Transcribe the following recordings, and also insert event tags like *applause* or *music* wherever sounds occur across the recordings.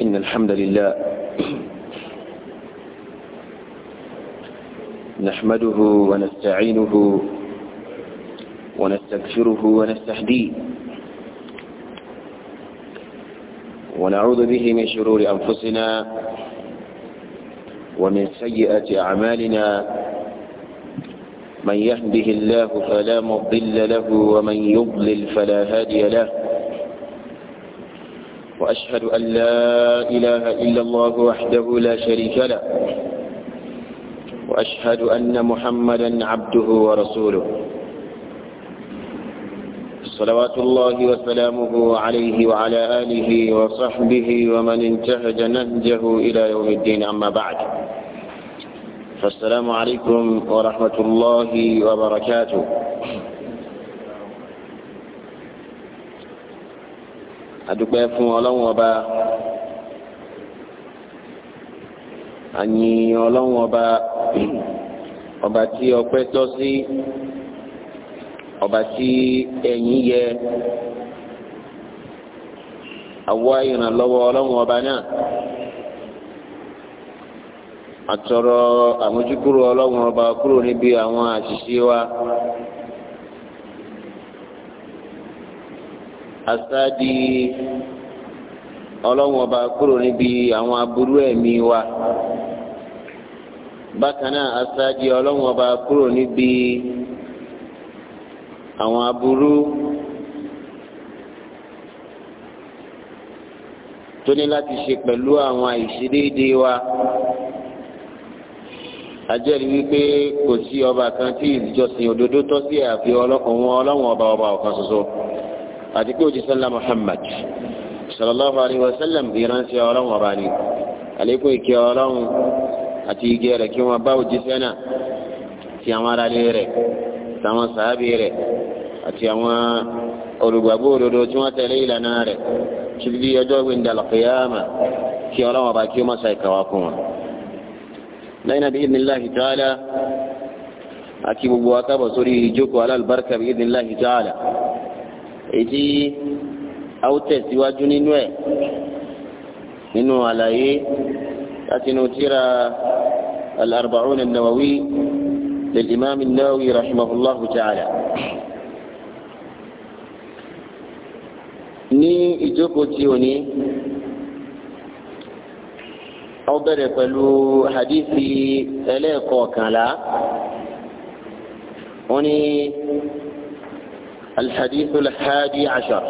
إن الحمد لله نحمده ونستعينه ونستغفره ونستهديه ونعوذ به من شرور أنفسنا ومن سيئات أعمالنا من يهده الله فلا مضل له ومن يضلل فلا هادي له وأشهد أن لا إله إلا الله وحده لا شريك له وأشهد أن محمدا عبده ورسوله صلوات الله وسلامه عليه وعلى آله وصحبه ومن انتهج نهجه إلى يوم الدين أما بعد فالسلام عليكم ورحمة الله وبركاته adúpẹ́ fún ọlọ́run ọba àyìn ọlọ́run ọba ọba tí ọpẹ́ tọ́ ọba tí ẹ̀yìn yẹ àwa ìrànlọ́wọ́ ọlọ́run ọba náà àtọ̀rọ̀ àmójúkúrò ọlọ́run ọba kúrò níbi àwọn àṣìṣe wa. asádi ọlọ́run ọba kúrò níbi àwọn aburú ẹ̀mí wa bákan náà asádi ọlọ́run ọba kúrò níbi àwọn aburú tó ní láti ṣe pẹ̀lú àwọn àìṣedéédé wa ajẹ́rìí wípé kò sí ọba kan tí ìjọsìn òdodo tọ́ sí àfi ọlọ́run ọba ọba ọ̀kan ṣoṣo àti pé òjíṣẹ́ ńlá Muhammad sallallahu alayhi wa sallam ìránṣẹ́ ọlọ́run ọba ni àlékún ìkẹ́ ọlọ́run àti ìgẹ́ rẹ̀ kí wọ́n bá òjíṣẹ́ náà ti àwọn aráalé rẹ̀ táwọn sàábì rẹ̀ àti àwọn olùgbàgbọ́ òdodo tí wọ́n tẹ̀lé ìlànà rẹ̀ títí di ọjọ́ ìgbìndàlọ́kìyàmà kí ọlọ́run ọba kí ó má ṣàìkà wá fún wọn. lẹ́yìn àbí ìdínláhi ta'ala àti gbogbo akábọ̀ sórí ìjókòó alálùbáríkà èyí tí a ó tẹ̀síwájú nínú ẹ̀ nínú àlàyé láti inú tíra al-arba'un an-nawawi lil-imam an-nawawi rahimahullahu ta'ala. ní ìjókòó tí o ní ó bẹ̀rẹ̀ pẹ̀lú hadithi ẹlẹ́ẹ̀kọ̀ọ̀kànlá wọ́n ní. الحديث الحادي عشر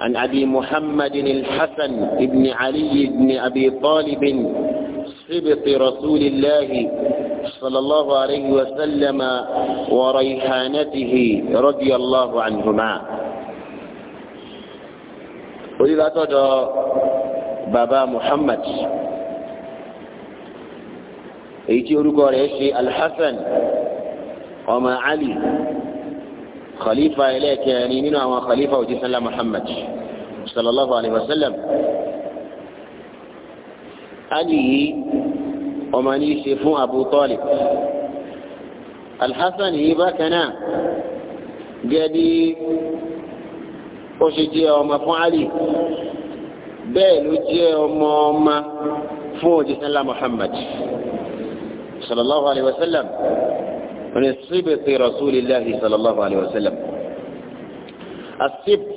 عن أبي محمد الحسن بن علي بن أبي طالب سبط رسول الله صلى الله عليه وسلم وريحانته رضي الله عنهما وإذا تدى بابا محمد ايتي أرقى الحسن وما علي khalifa ẹlẹ́ẹ̀kẹrin nínú àwọn khalifa òjísánlá muhammad sallallahu alayhi wa sallam ali yìí ọmọ ní í ṣe fún abu talib alhassan yìí bákan náà gẹ́bí ó ṣe jẹ́ ọmọ fún ali bẹ́ẹ̀ ló jẹ́ ọmọ ọmọ fún òjísánlá muhammad sallallahu alayhi wa sallam. من صبت رسول الله صلى الله عليه وسلم الصبت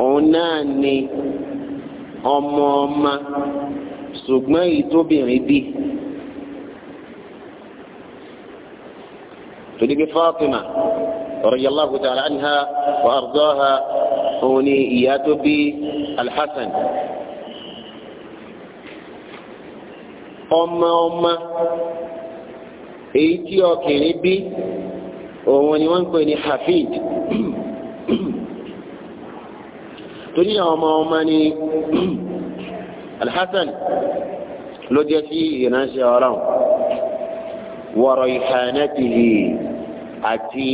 أناني أمام سجميت توبي ربي تلك فاطمة رضي الله تعالى عنها وأرضاها أوني ياتوبي الحسن أم أم èyí tí ọkùnrin bí òun ni wọ́n ń pè ní hafid torí àwọn ọmọ ọmọ ni alhassan ló jẹ́ sí ìránṣẹ́ ọlọ́run wọ̀rọ̀ ìhànẹ́tìhì àti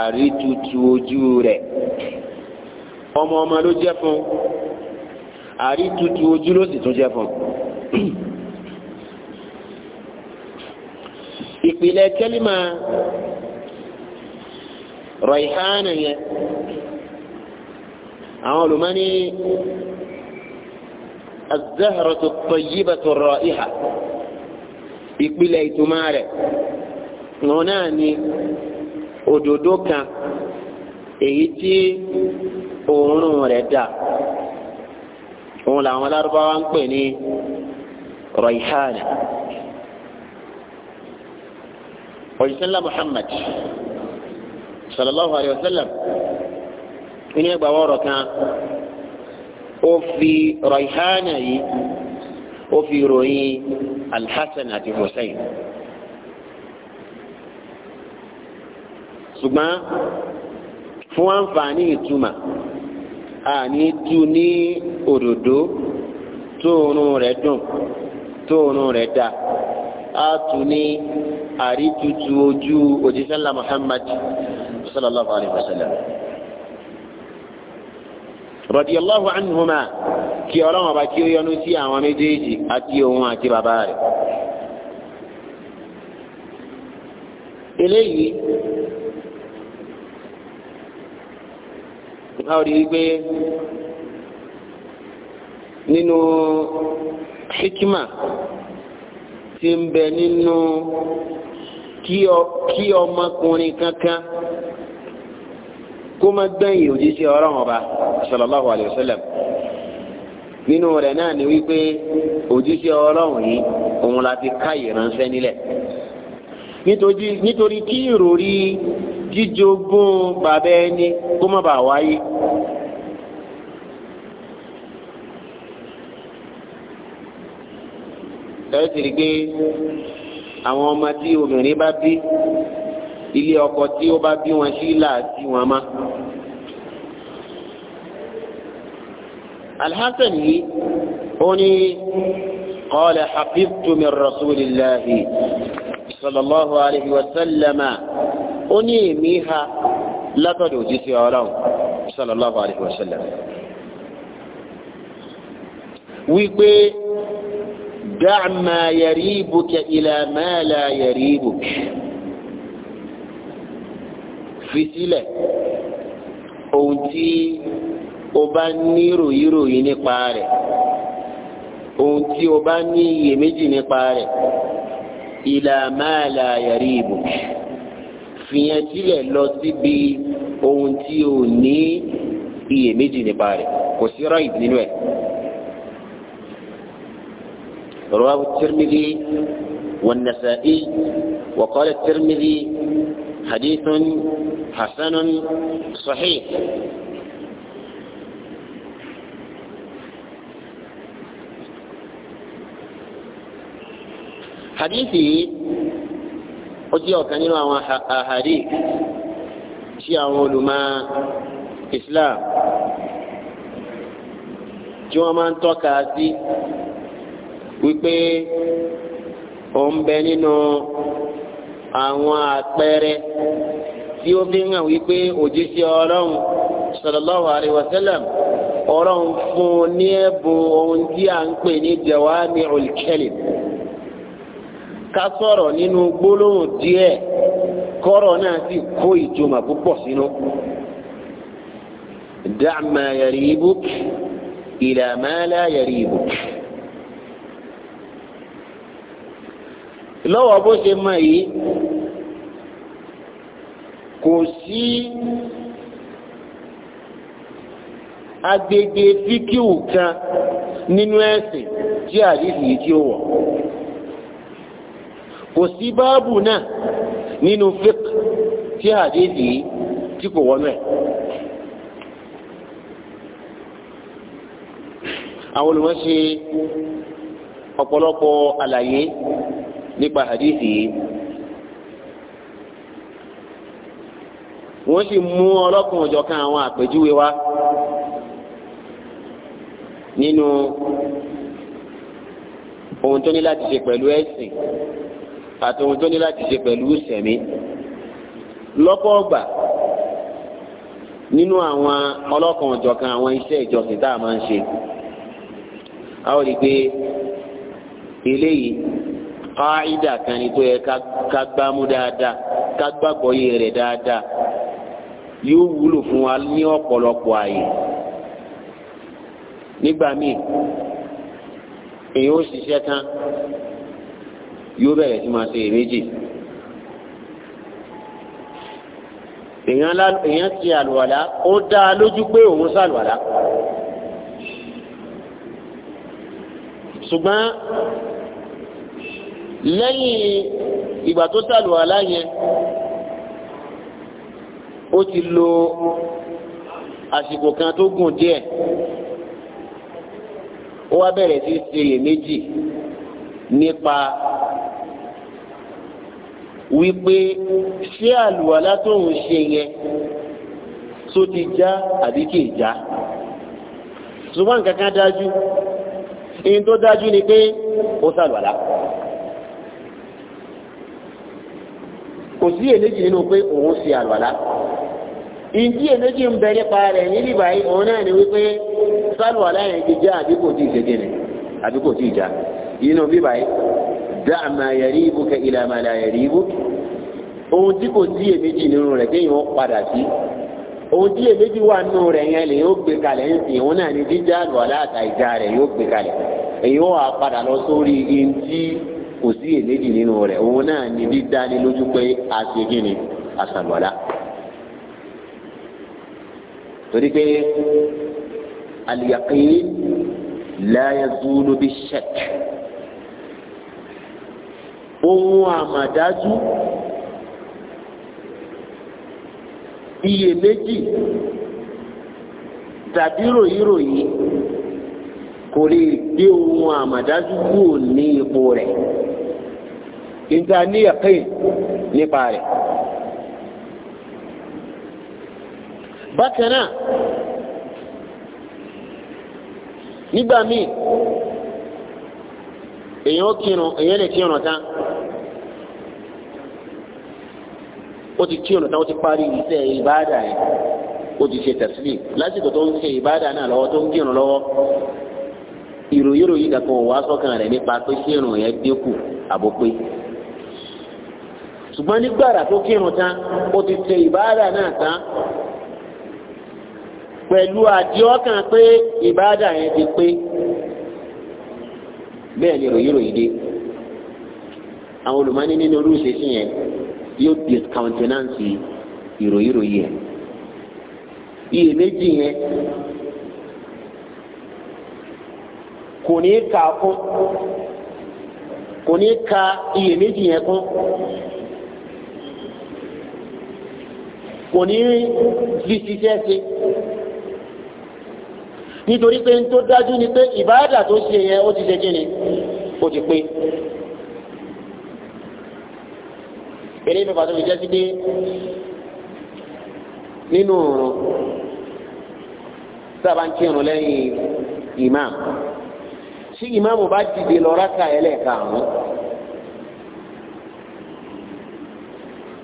àrítutu ojú rẹ̀ ọmọ ọmọ ló jẹ́ fún àrítutu ojú ló sì tún jẹ́ fún. ìpìlẹ̀ kẹ́límà rọ̀ìhánà yẹn àwọn olùmọ́ni az-zahratu at-tayyibatu ar-ra'iha ìpìlẹ̀ ìtumá rẹ̀ wọn náà ni òdòdó kan èyí tí òórùn rẹ̀ dà òun làwọn lárúbáwá ń pè ní rọ̀ìhánà òṣìṣẹ́ ńlá Muhammad sallallahu alayhi wa sallam inú ẹgbàá wọ́ọ̀rọ̀ kan ó fi rọ̀ìhánà yìí ó fi ròyìn alhassan àti hussein ṣùgbọ́n fún àǹfààní ìtumà àní tú ní òdòdó tóòrùn rẹ̀ dùn tóòrùn rẹ̀ dá a tù ní àrítutu ojú òjíṣẹ́ ńlá Muhammad sallallahu alayhi wa sallam. radiyallahu anhuma kí ọlọ́run ọba kí ó yọ́nú sí àwọn méjèèjì àti òun àti bàbá rẹ̀. eléyìí a rí i pé nínú hikima ti ń bẹ nínú kí ọmọkùnrin kankan kó má gbẹ̀yìn òjíṣẹ́ ọlọ́run ọba sallallahu alayhi wa sallam nínú rẹ̀ náà ni wípé òjíṣẹ́ ọlọ́run yìí òun la fi ká ìránṣẹ́ nílẹ̀ nítorí kí ìròrí jíjogún bàbá ẹni kó má bàa wáyé. ẹ ti rí i pé àwọn ọmọ tí obìnrin bá bí ilé ọkọ tí ó bá bí wọn sí láti wọn má. alhassan yìí ó ní qala hafidtu rasulillahi sallallahu alayhi wa sallama ó ní èmi ha látọ̀dọ̀ òjíṣẹ́ ọlọ́run sallallahu alayhi wa sallam wípé. دع ما يريبك إلى ما لا يريبك fi sílẹ̀ ohun tí o bá ní ròyìnròyìn nípa rẹ̀ ohun tí o bá ní iyèméjì nípa rẹ̀ ìlà máa la yàrí ìbò fìyẹn sílẹ̀ lọ síbi ohun tí o ní iyèméjì nípa rẹ̀ kò sí ráìd nínú ẹ̀. رواه الترمذي والنسائي وقال الترمذي حديث حسن صحيح حديثي قد يوكن أهاريك شيء علماء إسلام جوا من توكاسي wípé òun bẹ nínú àwọn àpẹẹrẹ tí ó fi hàn wípé òjíṣẹ́ ọlọ́run sallallahu alaihi wasallam ọlọ́run fún un ní ẹ̀bùn ohun tí à ń pè ní jawami'ul kalim ká sọ̀rọ̀ nínú gbólóhùn díẹ̀ kọ́rọ̀ náà sì kó ìjọba púpọ̀ sínú. da'ma yaribuk ila ma la yaribuk. lọ́wọ́ bó ṣe mọ̀ yìí kò sí agbègbè fíkíù kan nínú ẹ̀sìn tí àdìsí yìí tí ó wọ̀ kò sí báàbù náà nínú fík tí àdìsí tí kò wọ́n mẹ́ àwọn olùmọ̀ ṣe ọ̀pọ̀lọpọ̀ àlàyé nípa hadithi yìí wọ́n sì mú ọlọ́kùn ọ̀jọ̀kan àwọn àpèjúwe wa nínú ohun tó ní láti ṣe pẹ̀lú ẹ̀sìn àti ohun tó ní láti ṣe pẹ̀lú sẹ̀mí lọ́pọ̀ ọgbà nínú àwọn ọlọ́kan ọ̀jọ̀kan àwọn iṣẹ́ ìjọsìn tá a máa ń ṣe a ó rí i pé eléyìí káàídà kan ni tó yẹ ká gbámú dáadáa ká gbàgbọ́ yé rẹ̀ dáadáa yóò wúlò fún wa ní ọ̀pọ̀lọpọ̀ àyè nígbà míì èèyàn ó ṣiṣẹ́ tán yóò bẹ̀rẹ̀ sí máa ṣe èméjì èèyàn ti àlùwàlá ó dá a lójú pé òun ṣàlùwàlá ṣùgbọ́n lẹ́yìn ìgbà tó sàlùwàlá yẹn ó ti lo àsìkò kan tó gùn díẹ̀ ó wá bẹ̀rẹ̀ sí ṣiyèméjì nípa wípé ṣé àlùwàlá tó ń ṣe yẹn tó ti já àbí kì í já ṣùgbọ́n nǹkan kan dájú ìyẹn tó dájú ni pé ó sàlùwàlá. kò sí èméjì nínú pé òun ṣe àlùwàlá ìdí èméjì ń bẹ nípa rẹ̀ níbi báyìí òun náà ni wípé sálùwàlá yẹn ti já àbí tí ì ṣègbè ni tí ì inú bíbá yìí ohun tí kò sí èméjì nínú rẹ̀ kéèyàn padà sí ohun tí èméjì wà nínú rẹ̀ yẹn lè yóò gbé kalẹ̀ ń sìn òun náà ni àtàìjà rẹ̀ lọ sórí kò sí èlédì nínú rẹ̀ òun náà ni dídáni lójú pé a ṣe kí ni àṣàlùwàlá torí pé al-yaqin la yazulu bi-shakk ohun àmàdájú iyèméjì tàbí ròyìnròyìn kò lè gbé ohun àmàdájú kúrò ní ipò rẹ̀. inta ni ya kai ni pare bakana nigba mi eyan kinu eyan le kinu tan o ti o ti pari ibada yi o ti se tasbi lasiko to n se ibada naa lọwọ to n kinu iro iroyiro yi dakọ wa kanada rẹ nipa pe kinu yẹn dínkù àbò pé ṣùgbọ́n nígbàrà tó kírun tán ó ti tẹ ìbáàdà náà tán pẹ̀lú àdíọ́kàn pé ìbáàdà yẹn ti pé bẹ́ẹ̀ ni ròyìn ròyìn dé àwọn olùmọ́ni nínú irú ìṣesí yẹn yóò discountenance ìròyìn ròyìn yẹn iyèméjì yẹn kò ní ka kún kò ní ka iyèméjì yẹn kún. kò ní fi ṣiṣẹ́ ṣe nítorí pé tó dájú ni pé ìbáàdà tó ṣe yẹn ó ti ṣe kí ni ó ti pé eré ìfẹ́ pàtó ìjẹ́ sí pé nínú òòrùn sábà ń kírun lẹ́yìn ìmáàmù tí ìmáàmù bá dìde lọ rákà ẹlẹ́ẹ̀karùn-ún.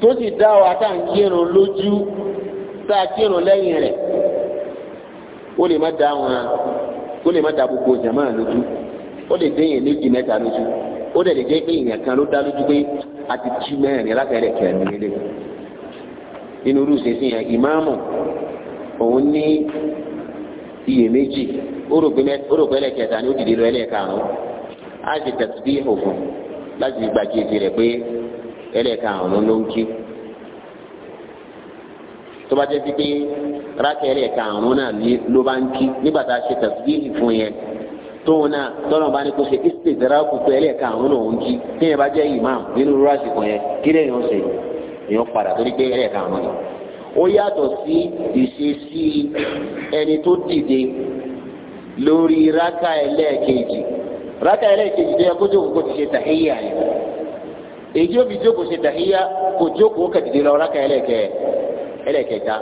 tó sì dá wa tá à ń kírun lójú tá a kírun lẹ́yìn rẹ̀ ó lè má dá wọn ó lè má da gbogbo jàmá lójú ó lè dé yẹn méjì mẹ́ta lójú ó dẹ̀ lè jẹ́ pé èèyàn kan ló dá lójú pé a ti jí mẹ́rin yẹn ìmáàmù òun ní iyèméjì ó rò pé ni ó dìde lọ á tẹ̀síbí láti rẹ̀ pé ẹlẹ́ẹ̀karùn-ún ló ń kí tó bá jẹ́ pípé rákà ẹlẹ́ẹ̀karùn-ún náà ló bá ń kí nígbà tá a ṣe tàbíyèsí fún yẹn tóun náà tọ́nà bá ní kó ṣe istidraku pé ẹlẹ́ẹ̀karùn-ún lòún kí tí yẹn bá jẹ́ imam nínú rásìkò yẹn kí lè yàn ṣe èèyàn padà torí pé ẹlẹ́ẹ̀karùn-ún yẹn ó yàtọ̀ sí ìṣesí ẹni tó dìde lórí rákà ẹlẹ́ẹ̀kejì rákà ẹlẹ́ẹ̀kejì tó yẹ kó tó kó ti ṣe tàhíyà yẹn èyí ó fi jókòó ṣe tàhíyá kò jókòó kẹ̀dìdì lọ rákà ẹlẹ́kẹ̀ ẹlẹ́kẹta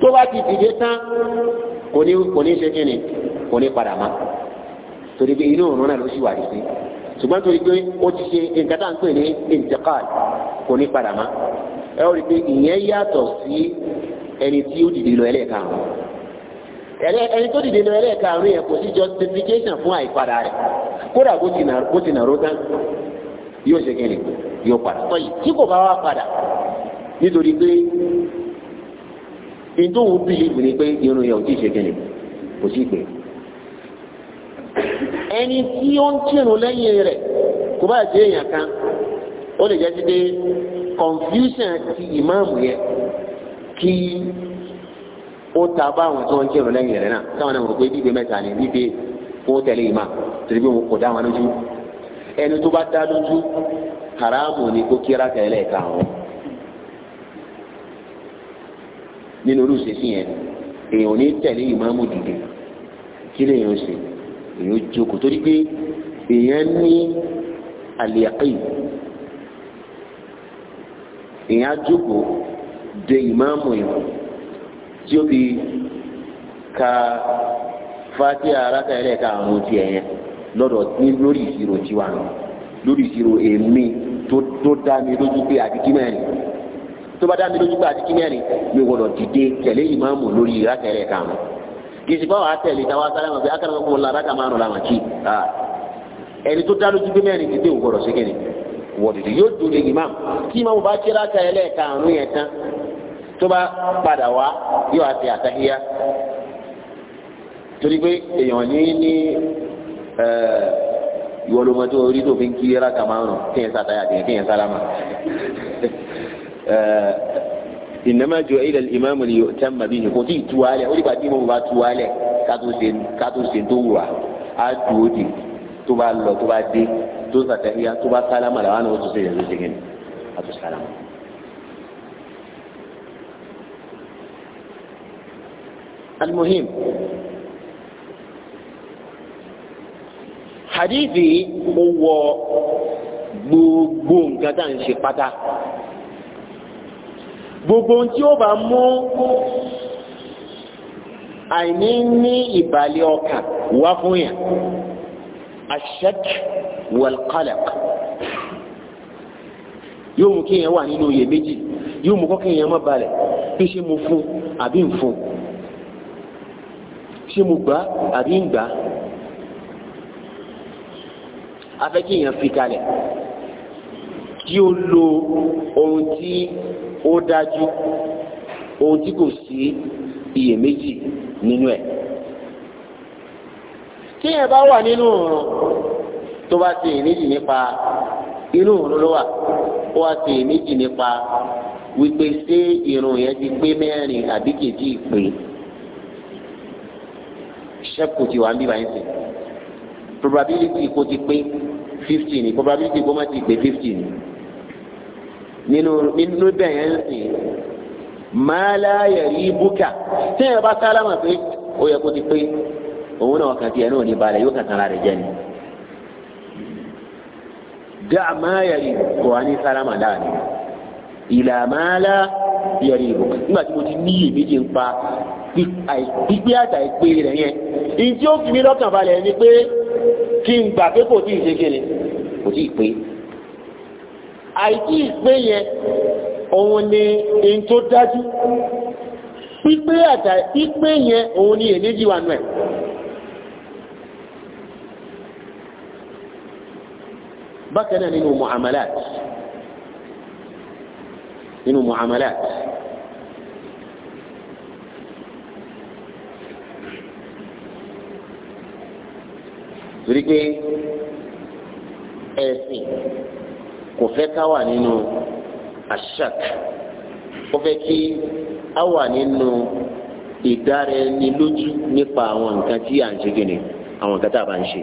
tó bá ti dìde tán kò ní kò ní ṣe kíni kò ní padà má torí pé inú òun náà ló sì wà ní sí ṣùgbọ́n torí pé ó ti ṣe nǹkan tá à ń pè ní intiqal kò ní padà má ẹ ó rí i pé ìyẹn yàtọ̀ sí ẹni tí ó dìde lọ ẹlẹ́karùn ẹni tó dìde lọ ẹlẹ́karùn yẹn kò sí justification fún àìpadà rẹ̀ kódà bó ti nà ró tán yóò ṣe kẹ́lẹ̀ yóò padà tọ́ yìí tí kò bá wá padà nítorí pé ìdóhùn bìlíìfù ni pé irun yẹn ò tí ì ṣe kẹ́lẹ̀ kò sí pé ẹni tí ó ń kírun lẹ́yìn rẹ̀ kò bá jẹ́ èèyàn kan ó lè jẹ́ títí confusion ti ìmáàmù yẹn kí ó ta bá àwọn tí wọ́n ń kírun lẹ́yìn rẹ̀ náà táwọn náà mọ̀ pé bíbẹ mẹ́ta ni bíbẹ kó tẹ̀lé ìmáà torí pé wọn kò dá wọn lójú ẹni tó bá dá lójú haramu ni kó kíra tẹ̀lé káwọn nínú olùsè sí yẹn èèyàn ní tẹ̀lé ìmáàmù dìde kí lèèyàn ṣe èèyàn jókòó torí pé èèyàn ní àlìyàkì èèyàn jókòó de ìmáàmù yẹn tí ó fi ka fati ara tẹ̀lé káwọn tiẹ̀ yẹn lọ́dọ̀ ní lórí ìṣirò tiwa nù lórí ìṣirò èmi tó dá mi lójú pé àdìkí mẹ́rin tó bá dá mi lójú pé àdìkí mẹ́rin mi gbọ́dọ̀ dìde tẹ̀lé ìmáàmù lórí ìrákẹ́rẹ́ kàánù kì í ṣe báwa tẹ̀lé táwa sáré wọn pé akẹ́rẹ́ fún la rákà márùn làwọn kì í ẹni tó dá lójú pé mẹ́rin dìde ò gbọ́dọ̀ ṣe kẹ́ni wọ́n dìde yóò dùn lè ìmáàmù kí ìmáàmù bá ṣe rákẹ́rẹ́ lẹ́ẹ̀kàánù yẹn tán tó bá padà wá yóò àti àtàhíyá torí pé èèyàn ní ní Eh, ìwọ ló mọ tó orí tó fi ń kí rákà márùn kéèyàn sàtáyà kéèyàn kéèyàn sálámà ìnáma jọ ilẹ̀ ìmáàmù ni yóò tẹ́ màbí yìí kò tí ì tu alẹ̀ ó dìgbà tí mo bá tu alẹ̀ kátó ṣe tó wù wá á dùn ó tó bá lọ tó bá dé tó sàtáyà tó bá sálámà làwọn àwọn tó ṣe yẹn ló kátó sálámà. المهم hadithi ó wọ gbogbo nǹkan tá à ń ṣe pátá gbogbo ohun tí ó bá mú àìní ní ìbàlẹ̀ ọkàn wá fún yàn ashak walqalaq yóò mú kéèyàn wà nínú oyè méjì yóò mú kọ́kéèyàn má balẹ̀ pé ṣé mo fún àbí ń fún ṣé mo gbà àbí ń gbà afẹ́ kí èèyàn fi kalẹ̀ kí ó lo ohun tí ó dájú ohun tí kò sí iyèméjì nínú ẹ̀ tí èèyàn bá wà nínú òòrùn tó bá ti iyèméjì nípa inú òòrùn ló wà ó wá ti iyèméjì nípa wípé ṣé irun yẹn ti pé mẹ́rin àbí kejì ìpè ṣẹ́kù ti wà ń bí báyìí sè probability kò ti pé fifty ni probability kó má ti pé fifty ni nínú nínú bẹ́ẹ̀ yẹn ń sìn máàlá yẹ̀rí búkà téèyàn bá sálámà pé ó yẹ kó ti pé òun náà kàn tiẹ̀ náà ní balẹ̀ yóò kàn tán ara rẹ̀ jẹ́ ni dá máa yẹri kò wá ní sálámà láàrin ìlà máa lá yẹri ìbò nígbà tí mo ti ní iyèméjì ń pa pípé àtà ìpè rẹ̀ yẹn ìdí ó fi mí lọ́kàn balẹ̀ ni pé kí n gbà pé kò tí ì ṣe kéde kò tí ì pé àìtí ìpé yẹn òun ni in tó dájú pípé àtà ìpé yẹn òun ni èméjì wà nù ẹ̀ bákan náà nínú muamalat nínú muamalat torí pé ẹ̀sìn kò fẹ́ ká wà nínú ashak ó fẹ́ kí á wà nínú ìdáraẹnilójú nípa àwọn nǹkan tí à ń ṣe gẹ́gẹ́ àwọn nǹkan tá a bá ń ṣe.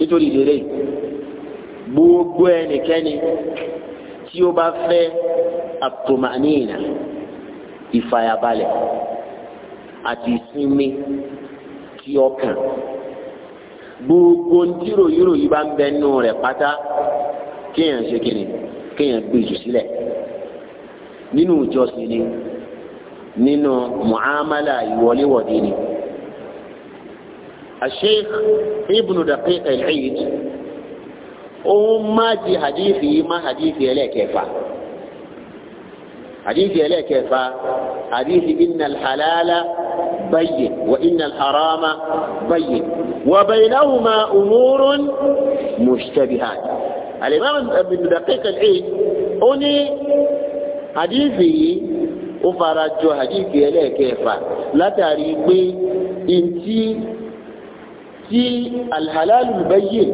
nítorí ìdèrè gbogbo ẹnikẹ́ni tí ó bá fẹ́ àtòmánìyàn ìfàyàbalẹ̀ àti ìsinmi tí ọkàn gbogbo ntí ròyìnròyìn bá ń bẹ nù rẹ̀ pátá kéèyàn ṣe kíni kéèyàn gbé jù sílẹ̀ nínú ìjọsìn ni nínú muamala ìwọléwọ̀de ni. الشيخ ابن دقيق العيد òun má di hadithi yìí má hadithi ẹlẹ́kẹfà hadithi ẹlẹ́kẹfà hadithi inna alhalala bayyin wa inna alharama bayyin wa baynahuma umurun mushtabihat alimami ibn daqiq al-eid ó ní hadithi yìí ó fara jọ hadithi ẹlẹ́kẹfà látàrí pé ntí tí alhalalu bayyin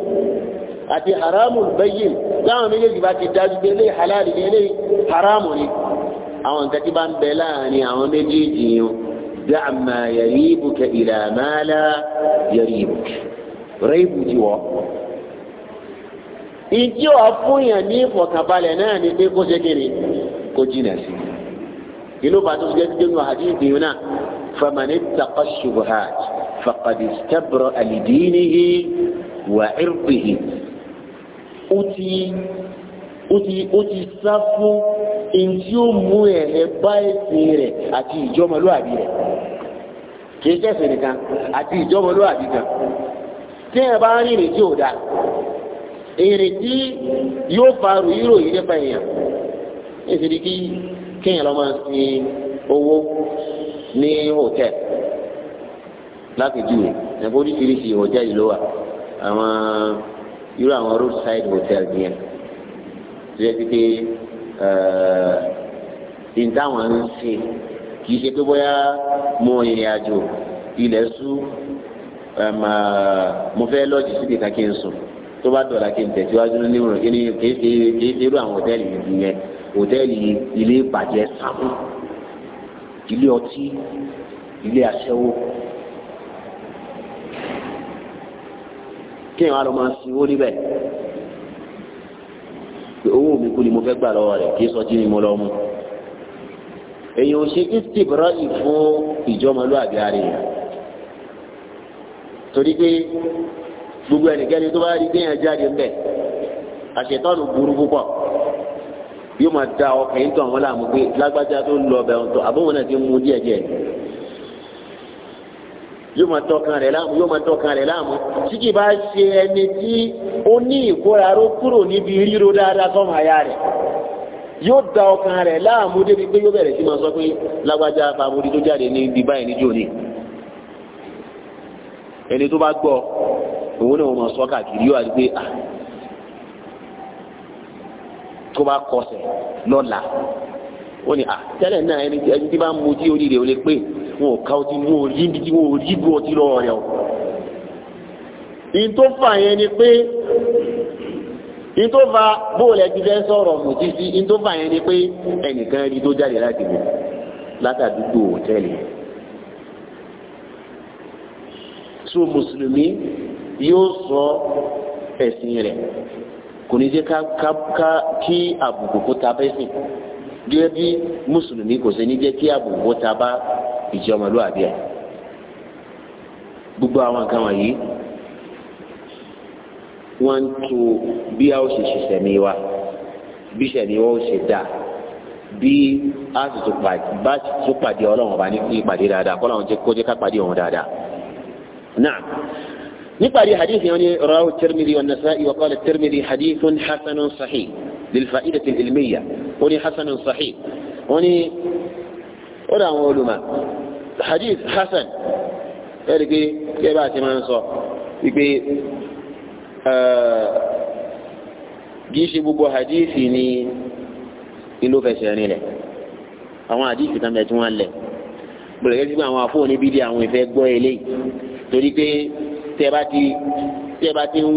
àti haramu bayyin táwọn méjèèjì bá ti dájú pé eléyìí halali ni eléyìí haramu ni àwọn nǹkan tí bá ń bẹ láàrin àwọn méjèèjì yìí dáa máa yẹrí ibùkẹ ìlànà àlá yẹrí ibùkẹ rẹ ibùkẹ wọ ìjọ àfúnyàn ní ìfọ̀kànbalẹ̀ náà ni pé kó ṣe kéré kó jìnà sí ìlú bàtú ṣe ti dénú àdínkù yìí náà faman ittaqa shubuhat faqad istabra alidinihi wa irdihi ó ti ó ti ó ti sá fún èyí tí ó mú ẹ̀rẹ̀ bá ẹ̀sìn rẹ̀ àti ìjọmọlúwàbí rẹ̀ kì í ṣẹ̀sìn nìkan àti ìjọmọlúwàbí kan tí ẹ bá rí ìrètí ò dáa ìrètí yóò fa ròyìnrò yìí nípa èèyàn nítorí kí kéèyàn lọ́ máa sin owó ní hòtẹ́ẹ̀lì lápèjúwe ẹ̀kọ́ oríṣiríṣi hòtẹ́ẹ̀lì ló wà àwọn irú àwọn roadside hotel yẹn tó yẹ pé eh, ní táwọn ń ṣe kì í ṣe pé bóyá mo ìrìn àjò ilẹ̀ sú eh, mo fẹ́ lọ́ọ̀jì síbi kan kí n sùn tó bá dọ̀la kí n tẹ̀síwájú nínú ìrìn kì í ṣe irú àwọn hòtẹ́ẹ̀lì yìí yẹn hòtẹ́ẹ̀lì ilé ìbàjẹ́ sàmú ilé ọtí ilé aṣẹ́wó. kí ìwà ló máa sinwó níbẹ̀ pé owó mi kú ni mo fẹ́ gbà lọ́wọ́ rẹ̀ kí sọ́jí ni mo lọ mú èyàn ò ṣe istibrọ́ì fún ìjọmọlúwàbí ara yẹn torí pé gbogbo ẹnikẹ́ni tó bá rí kéèyàn jáde ńbẹ̀ àṣetọ́nù burú púpọ̀ yóò máa da ọkàn yín tó àwọn láàmú pé lágbájá tó lọ ọbẹ̀ ọ̀tọ̀ àbọ̀wọ̀n náà ti ń mu díẹ̀díẹ̀ yóò máa tọkàn rẹ̀ láàmú yóò máa tọkàn rẹ̀ láàmú tí kì bá ṣe ẹni tí ó ní ìkóra ró kúrò níbi ríro dáadáa sọ́mọ àyà rẹ̀ yóò da ọkàn rẹ̀ láàmú débi pé yóò bẹ̀rẹ̀ sí máa sọ pé lágbájá famori tó jáde ní ibi báyìí níjó ni ẹni tó bá gbọ́ òun náà máa sọ káàkiri yóò àti pé à tó bá kọsẹ̀ lọ́la ó ní à tẹ́lẹ̀ náà ẹni tí bá mu tí orí rẹ̀ ò lè pè é. wọn ò ká ọtí wọn ibi tí wọn orí rí ibi ọtí lọ́wọ́ rẹ̀ o. tó fà yẹn ni pé tó fa bóòlù ẹbí fẹ́ sọ̀rọ̀ mọ̀ títí in tó fà yẹn ni pé ẹnìkan rí tó jáde láti bò látàdúgbò hòtẹ́ẹ̀lì. sọ ẹ̀sìn rẹ̀ kò ní jẹ́ kí àbùkù kó ta bẹ́sìn gẹ́gẹ́ bí mùsùlùmí kò jẹ́ kí àbùkù kó ìṣe ọmọlúwàbí ẹ̀ gbogbo àwọn nǹkan wọ̀nyí wọ́n ń tu bí a ó ṣe ṣiṣẹ́ mi wa bí ṣẹ̀mí wa ó ṣe dáa bí a sì tún pàdé ọlọ́run ọba ní ìpàdé dáadáa kọ́ làwọn kó jẹ́ ká pàdé òun dáadáa. náà نقرأ حديث يعني رواه الترمذي والنسائي وقال الترمذي حديث حسن صحيح للفائدة العلمية وني حسن صحيح وني ó dà àwọn olùmọ̀ hadith hasan ẹ̀rí pé kí ẹ bá ti máa ń sọ wípé kì í ṣe gbogbo hadith ni ìlú fẹsẹ̀ rinlẹ̀ àwọn hadith kan bẹ̀ tí wọ́n lẹ̀ gbọ́dọ̀ gẹ́gẹ́ bí àwọn afọ́ níbi di àwọn ìfẹ́ gbọ́ eléyìí torí pé tẹ́ bá ti tẹ́ bá ti ń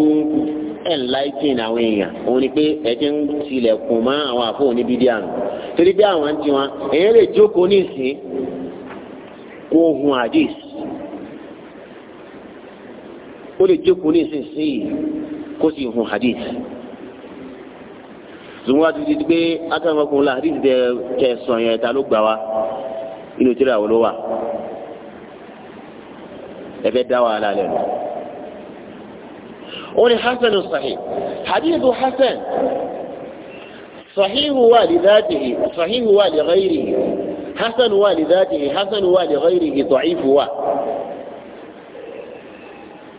enlighten àwọn èèyàn òun ni pé ẹ ti ń tilẹ̀kùn mọ́ àwọn afọ́ níbi di àrùn torí pé àwọn ti wọn èèyàn lè jókòó nísìn kó hun hadith ó lè jókòó nísìn sí i kó sì hun hadith zùmọ́ àti títí pé akẹ́kọ̀ọ́kùnrin la hadith tẹ tẹ sọ yẹn ta ló gbà wá inú tíra wo ló wà ẹ dá wàhálà lẹ́nu ó ní hasan sahih hadith hasan. صحيح لذاته صحيح لغيره حسن لذاته حسن لغيره ضعيف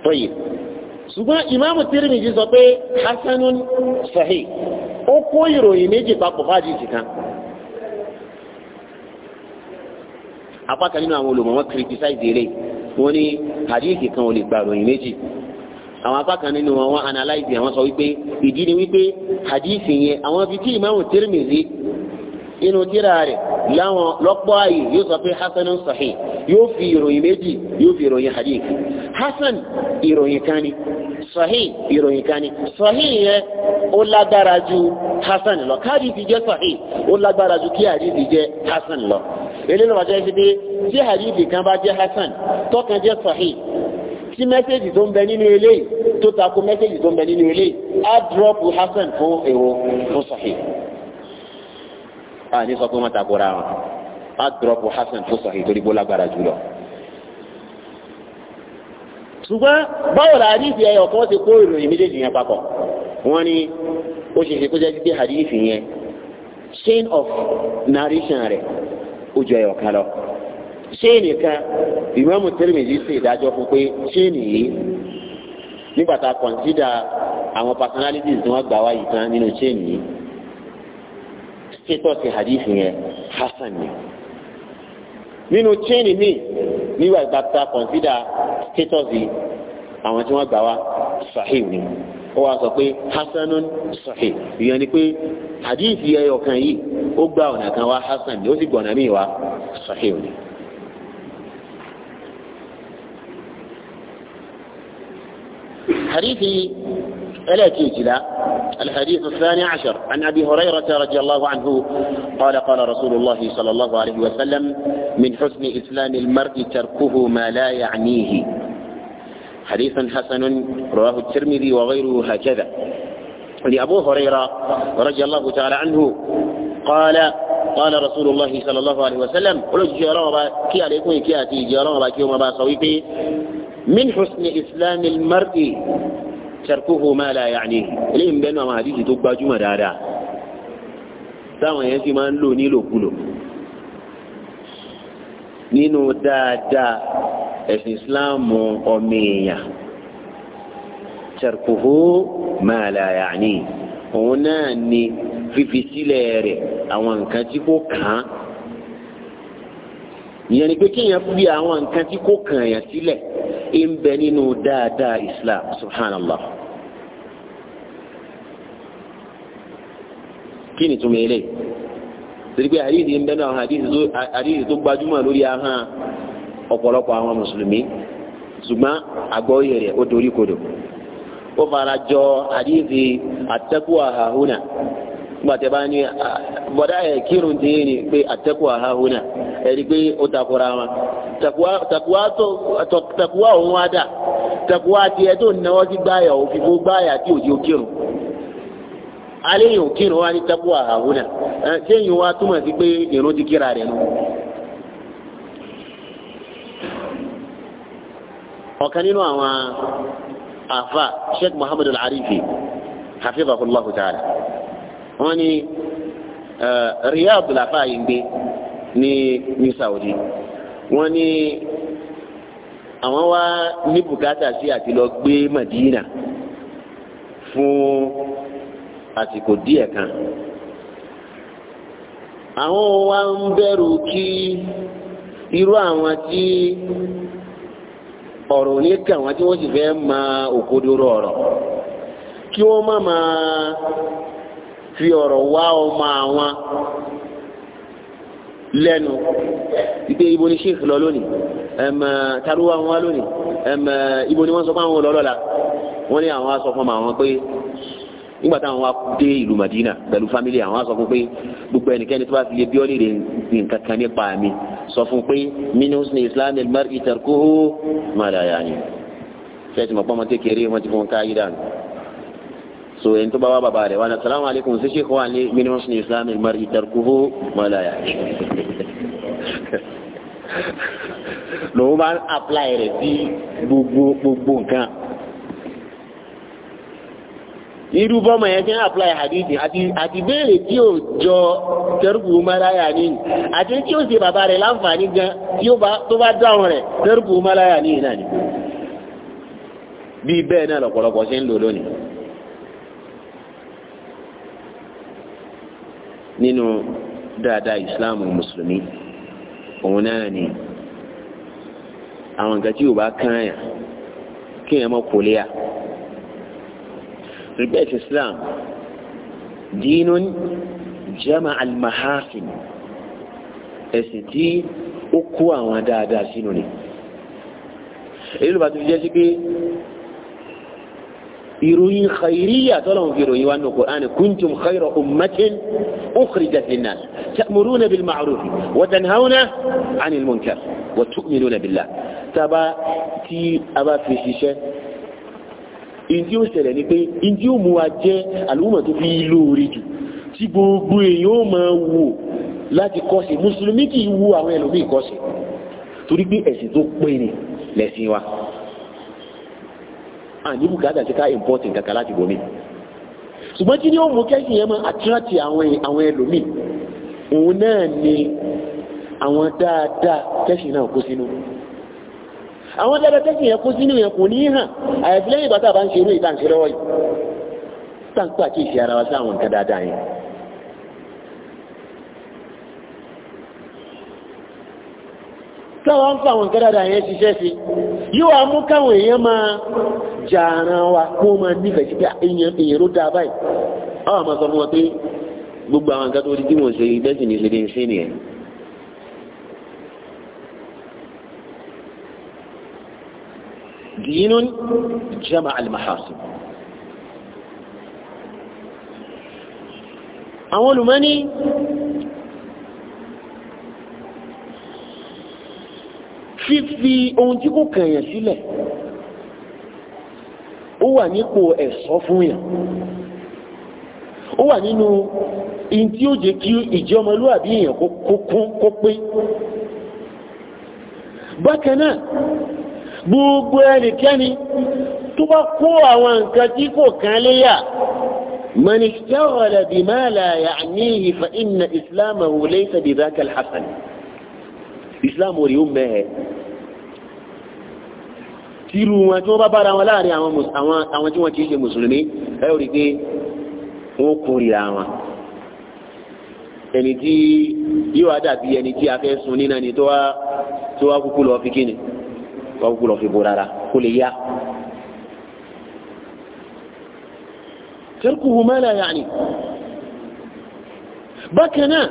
طيب ṣùgbọ́n ìmáàmù Tirmidhi sọ pé hasanun sahih ó kó ìròyìn méjì papọ̀ fájíjì kan apákan nínú àwọn olùmọ̀wọ́ criticize eré wọ́n ní hadith kan ò lè ìròyìn méjì àwọn apá kan nínú wọn wọn analyze àwọn sọ wípé ìdí ni wípé hadithi yẹn àwọn fi tí ìmáàmù Tirmidhi inú tíra rẹ̀ láwọn lọ́pọ̀ ààyè yóò sọ pé hasanun sahih yóò fi ìròyìn méjì yóò fi ìròyìn hadith hasan ìròyìn kan ni sahih ìròyìn kan ni sahih yẹn ó lágbára ju hasan lọ káàdì ti jẹ́ sahih ó lágbára ju kí àdì ti hasan lọ eléyìí lọ́wọ́ jẹ́ sí pé tí hadith kan bá jẹ́ hasan tọ́kan jẹ́ sahih tí mẹ́sẹ̀jì tó ń bẹ nínú eléyìí tó tako mẹ́sẹ̀jì tó ń bẹ nínú eléyìí á dúrọ́pù hasan fún èwo fún sahih a ní sọ pé wọ́n takora wọn á dúrọ́pù hasan fún sahih torí bó lágbára jùlọ. ṣùgbọ́n báwo la àdìsí ẹyọ kan ti kó ìròyìn méjèèjì yẹn papọ̀ wọ́n ní ó ṣe ṣe kó jẹ́ pé àdìsí yẹn chain of narration rẹ̀ ó ju ẹyọ kan lọ. ṣéènì ka, ìmáàmù Tirmidhi ṣe ìdájọ́ fún pé ṣéènì yìí nígbà tá àwọn personalities tí wọ́n gbà wá yìí tán nínú ṣéènì yìí status hadith yẹn hasan ni nínú ṣéènì míì nígbà tá a kọ̀ǹsídà status àwọn tí wọ́n gbà wá sahih ni ó wá sọ pé ìyẹn ni pé hadith yẹn ọ̀kan yìí ó gba ọ̀nà kan wá hasan ni ó sì gbọ̀nà míì wá sahih ni. حديث الأكيج لا الحديث الثاني عشر عن أبي هريرة رضي الله عنه قال قال رسول الله صلى الله عليه وسلم من حسن إسلام المرء تركه ما لا يعنيه حديث حسن رواه الترمذي وغيره هكذا لأبو هريرة رضي الله تعالى عنه قال قال رسول الله صلى الله عليه وسلم قل جرارة كي عليكم كي أتي جرارة كي وما min husni islam almar'i tarkuhu ma la ya'nihi eléyìí ń bẹ́ẹ̀ náà àwọn àdìsí tó gbajúmọ̀ dáadáa táwọn yẹn fi máa ń lò nílòkulò nínú dáadáa ẹ̀sìn islam ọmọ èèyàn tarkuhu ma la ya'nihi òun náà ni fífi sílẹ̀ rẹ̀ àwọn nǹkan tí kò kàn án ìyẹn ni pé kéèyàn fi àwọn nǹkan tí kò kàn yàn sílẹ̀. Si imbe ninu daada islam suhannallah kini tumile ti di pe arizi imbe na ohun arizi to gbajuma lori aha okoroko awon musulmi su gba agboyere o dori kodo o fara jo arizi atekuwa ahuna gbàtẹ́ bá ní bọ́dá ẹ̀ kírun tí ní pé àtẹ́kù àháhùnà ẹ̀rí pé ó takora wọn takuwa òun wá dà takuwa tiẹ̀ tó náwó sí gbáyà òfin fó gbáyà tí òjì ó kírun aléyìn òkírun wá ní takuwa àháhùnà ṣéyìn wá túmọ̀ sí pé ìrún ti kíra rẹ̀ nù. ọ̀kan nínú àwọn àfa sheikh muhammadu al-arifi hafizahullahu ta'ala wọ́n ní Riyadh làfà yìí gbé ní ní Saudi wọ́n ní àwọn wá ní bùkátà sí àti lọ gbé Madina fún àsìkò díẹ̀ kan àwọn wa ń bẹ̀rù kí irú àwọn tí ọ̀rọ̀ ní kà wọ́n tí wọ́n sì fẹ́ máa òkodoro ọ̀rọ̀ kí wọ́n má máa fi ọ̀rọ̀ wá ọmọ àwọn lẹ́nu ìgbé ibo ni sheikh lọ lónìí ẹ̀mẹ̀ taruwa wọn lónìí ẹ̀mẹ̀ ibo ni wọ́n sọ fún àwọn olọ́lọ́la wọ́n ní àwọn aṣọ fún àwọn pé nígbà táwọn wá dé ìlú Madina pẹ̀lú fámílì àwọn aṣọ fún pé gbogbo ẹnikẹ́ni tó bá fi lè bí ọ́lẹ̀ nǹkan kan nípa mi sọ fún pé minus ní Islam el-mar'i tarkuhu ma la ya'ni fẹ́ẹ̀tì mọ̀pọ́ ọmọ kékeré wọn ti fún káyí dànù so ẹni tó bá wá bàbá rẹ̀ wà ní salamu alaykum sí ṣe kọ́ wa ní minimum sin islam mari itarkuhu malaya lòun bá ń apply rẹ̀ sí gbogbo gbogbo nǹkan irú bọ́mọ̀ yẹn tí ń apply hadithi àti béèrè tí ó jọ tẹ́rùkù malaya ní àti tí ó ṣe bàbá rẹ̀ láǹfààní gan tí ó bá dáhùn rẹ̀ tẹ́rùkù malaya ní ìnáni bí bẹ́ẹ̀ náà lọ̀pọ̀lọpọ̀ ṣe ń lò lónìí nínú dáadáa ìsìláàmù mùsùlùmí òun náà ni àwọn nǹkan tí yóò bá kán yà kí ẹ mọ kò lè yà rìbẹ́ẹ̀tì islam dínún jama almahafin ẹ̀sìn tí ó kó àwọn dáadáa sínú ni èyí ló bá tó jẹ́ sí pé ìròyìn xayiriya tọ́lọ̀ fi ròyìn wa nù Qur'an kuntum khayra ummatin ukhrijat linnas ta'muruna bil ma'ruf wa tanhawna 'anil munkar wa tu'minuna billah taba tí a bá fi ṣiṣẹ́ ìdí ó ṣẹlẹ̀ ni pé ìdí ó mú wa jẹ́ àlùmọ̀ tó fi lóore jù tí gbogbo èèyàn ó máa láti kọ́sì mùsùlùmí kì í wo àwọn ẹlòmíì kọ́sì torí pé ẹ̀sìn tó pé ni lẹ̀sìn wa àní ah, bùkátà sí ká import nǹkankan láti bòmí ṣùgbọ́n kí ni ó mú kẹ́sì yẹn máa attract àwọn àwọn ẹlòmíì òun náà ni àwọn dáadáa kẹ́sì náà kó sínú àwọn dáadáa kẹ́sì yẹn kó sínú yẹn kò ní hàn àyàfi lẹ́yìn bá ń ṣe eré ìtànṣẹ́lẹ́wọ̀ yìí tá à ń ara wa sáwọn nǹkan dáadáa yẹn táwa ń fàwọn kẹ́dàdà yẹn ṣiṣẹ́ sí yíò wá mú káwọn èèyàn máa jàrán wa kó máa nífẹ̀ẹ́ sí pé èèyàn ló dáa báyìí àwọn sọ fún wọn pé gbogbo àwọn nǹkan tó tí mò ṣe bẹ́sì ní ṣe ṣe nìyẹn دين جمع المحاسن àwọn olùmọ́ fífi ohun tí kò kàn yàn sílẹ̀ ó wà nípò ẹ̀sọ́ fún yàn ó wà nínú in tí ó jẹ́ kí ìjẹ́ ọmọlúwàbí èèyàn kó kún pé bákan náà gbogbo ẹnikẹ́ni tó bá kó àwọn nǹkan tí kò kàn léyà من اشتغل بما لا يعنيه فإن إسلامه ليس بذاك الحسن إسلام اليوم ما tírú wọn tí wọ́n bá bára wọn láàrin àwọn tí wọ́n ti ṣe mùsùlùmí ẹ ò rí pé wọ́n kórìíra wọn ẹni tí yóò wá dàbí ẹni tí a fẹ́ sun nínú ẹni tó wá tó wá kúkú lọ fi kíni tó wá kúkú lọ fi bò rárá kó lè yá. tẹ́kùhùmá náà yà ni bákan náà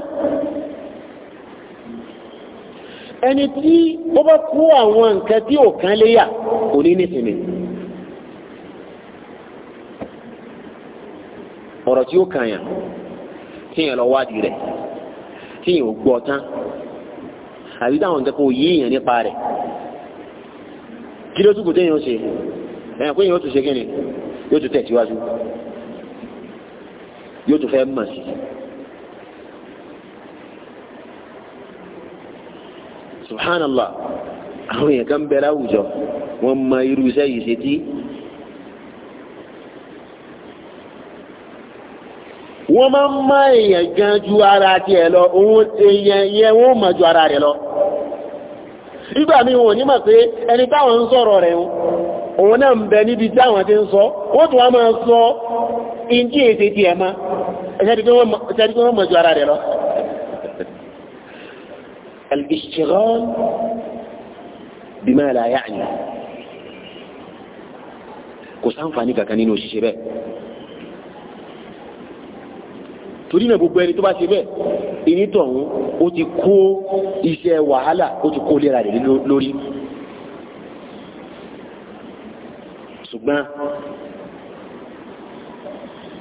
ẹni tí ó bá kú àwọn nǹkan tí ò kán léyà kò ní nísìnyí ọ̀rọ̀ tí ó kàn yàn tí yàn lọ wádìí rẹ̀ tí yàn ò gbọ́ tán àbí táwọn nǹkan kò yí yàn nípa rẹ̀ kí ló túkù téèyàn ṣe ẹ̀yàn pé yàn ó tún ṣe kí ni yóò tún tẹ̀síwájú yóò tún fẹ́ mọ̀ sí i. subhanallah àwọn èèyàn kan bẹ láwùjọ wọ́n mọ irú iṣẹ́ yìí ṣe tí. wọ́n máa ń mọ èèyàn gan ju ara tiẹ̀ lọ òun èèyàn yẹn wọ́n mọ̀ ju ara rẹ̀ lọ. nígbà míì wọn ò ní mọ̀ pé ẹni táwọn ń sọ̀rọ̀ rẹ̀ ń òun náà ń bẹ níbi táwọn ti ń sọ wọ́n tún wá máa sọ ìdí èsì tiẹ̀ mọ́ ẹ̀ṣẹ́ tí *laughs* الانشغال بما لا يعني kò sáǹfààní kankan nínú òṣìṣẹ́ bẹ́ẹ̀ torí náà gbogbo ẹni tó bá ṣe bẹ́ẹ̀ ẹni tọ̀hún ó ti kó iṣẹ́ wàhálà ó ti kó lera rẹ̀ lórí ṣùgbọ́n